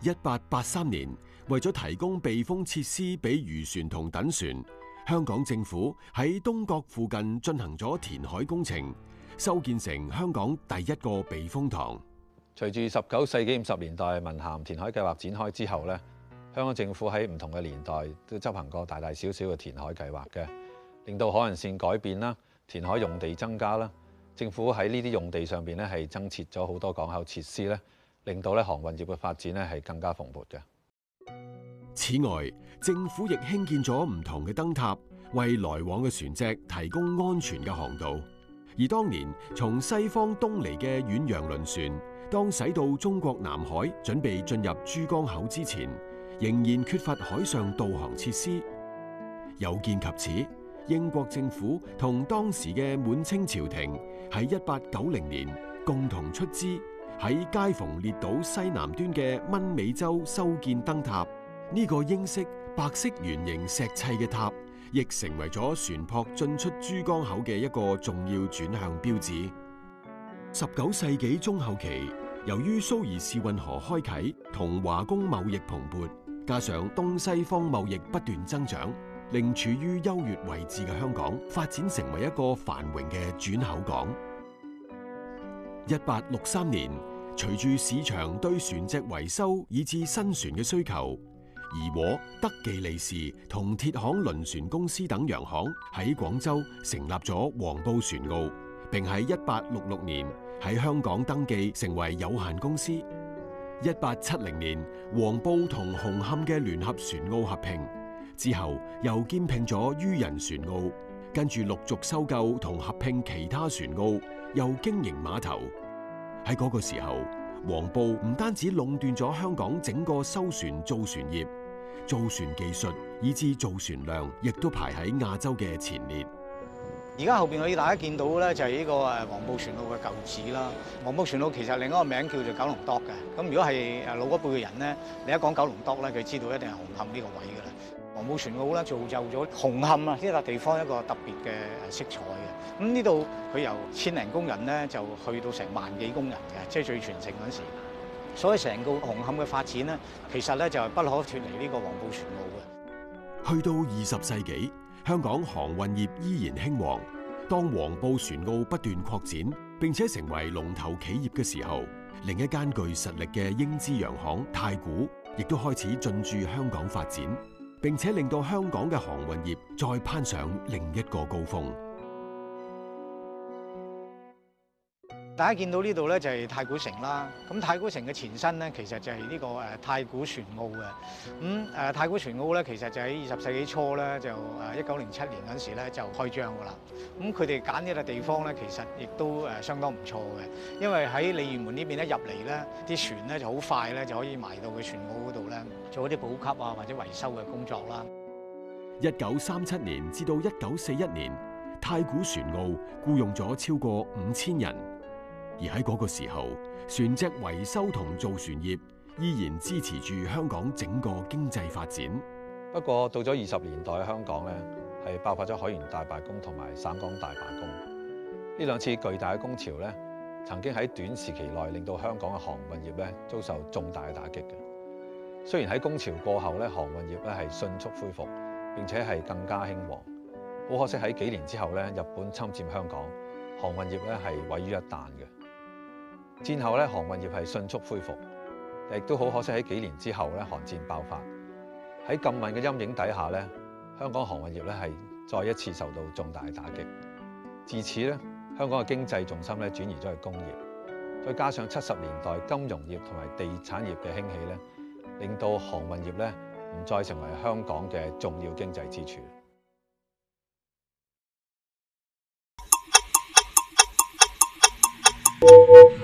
一八八三年。為咗提供避風設施俾漁船同躉船，香港政府喺東角附近進行咗填海工程，修建成香港第一個避風塘。隨住十九世紀五十年代文咸填海計劃展開之後咧，香港政府喺唔同嘅年代都執行過大大小小嘅填海計劃嘅，令到海岸線改變啦，填海用地增加啦。政府喺呢啲用地上邊咧係增設咗好多港口設施咧，令到咧航運業嘅發展咧係更加蓬勃嘅。此外，政府亦興建咗唔同嘅燈塔，為來往嘅船隻提供安全嘅航道。而當年從西方東嚟嘅遠洋輪船，當駛到中國南海，準備進入珠江口之前，仍然缺乏海上導航設施。有見及此，英國政府同當時嘅滿清朝廷喺一八九零年共同出資。喺街逢列島西南端嘅蚊尾洲修建燈塔，呢個英式白色圓形石砌嘅塔，亦成為咗船舶進出珠江口嘅一個重要轉向標誌。十九世紀中後期，由於蘇伊士運河開啟，同華工貿易蓬勃，加上東西方貿易不斷增長，令處於優越位置嘅香港發展成為一個繁榮嘅轉口港。一八六三年，隨住市場對船隻維修以至新船嘅需求，怡和、德記利氏同鐵行輪船公司等洋行喺廣州成立咗黃埔船澳，並喺一八六六年喺香港登記成為有限公司。一八七零年，黃埔同紅磡嘅聯合船澳合併之後，又兼併咗于仁船澳，跟住陸續收購同合併其他船澳，又經營碼頭。喺嗰個時候，黃埔唔單止壟斷咗香港整個修船、造船業、造船技術，以至造船量，亦都排喺亞洲嘅前列。而家後邊可以大家見到咧，就係呢個誒黃埔船塢嘅舊址啦。黃埔船塢其實另一個名叫做九龍篤嘅。咁如果係誒老一輩嘅人咧，你一講九龍篤咧，佢知道一定係紅磡呢個位嘅啦。黃埔船澳啦，造就咗紅磡啊呢笪地方一個特別嘅色彩嘅。咁呢度佢由千零工人咧，就去到成萬幾工人嘅，即係最全盛嗰時。所以成個紅磡嘅發展咧，其實咧就係不可脫離呢個黃埔船澳嘅。去到二十世紀，香港航運業依然興旺。當黃埔船澳不斷擴展，並且成為龍頭企業嘅時候，另一間具實力嘅英資洋行太古，亦都開始進駐香港發展。並且令到香港嘅航運業再攀上另一個高峰。大家見到呢度咧，就係太古城啦。咁太古城嘅前身咧，其實就係呢個誒太古船澳嘅。咁誒太古船澳咧，其實就喺二十世紀初咧，就誒一九零七年嗰時咧就開張噶啦。咁佢哋揀呢笪地方咧，其實亦都誒相當唔錯嘅，因為喺鯉魚門呢邊咧入嚟，咧啲船咧就好快咧就可以埋到佢船澳嗰度咧做一啲補給啊或者維修嘅工作啦。一九三七年至到一九四一年，太古船澳僱用咗超過五千人。而喺嗰個時候，船隻維修同造船業依然支持住香港整個經濟發展。不過到咗二十年代，香港咧係爆發咗海員大罷工同埋省港大罷工呢兩次巨大嘅工潮咧，曾經喺短時期內令到香港嘅航運業咧遭受重大嘅打擊嘅。雖然喺工潮過後咧，航運業咧係迅速恢復，並且係更加興旺。好可惜喺幾年之後咧，日本侵佔香港，航運業咧係毀於一旦嘅。戰後咧，航運業係迅速恢復，亦都好可惜喺幾年之後咧，韓戰爆發。喺禁運嘅陰影底下咧，香港航運業咧係再一次受到重大打擊。自此咧，香港嘅經濟重心咧轉移咗去工業，再加上七十年代金融業同埋地產業嘅興起咧，令到航運業咧唔再成為香港嘅重要經濟支柱。嗯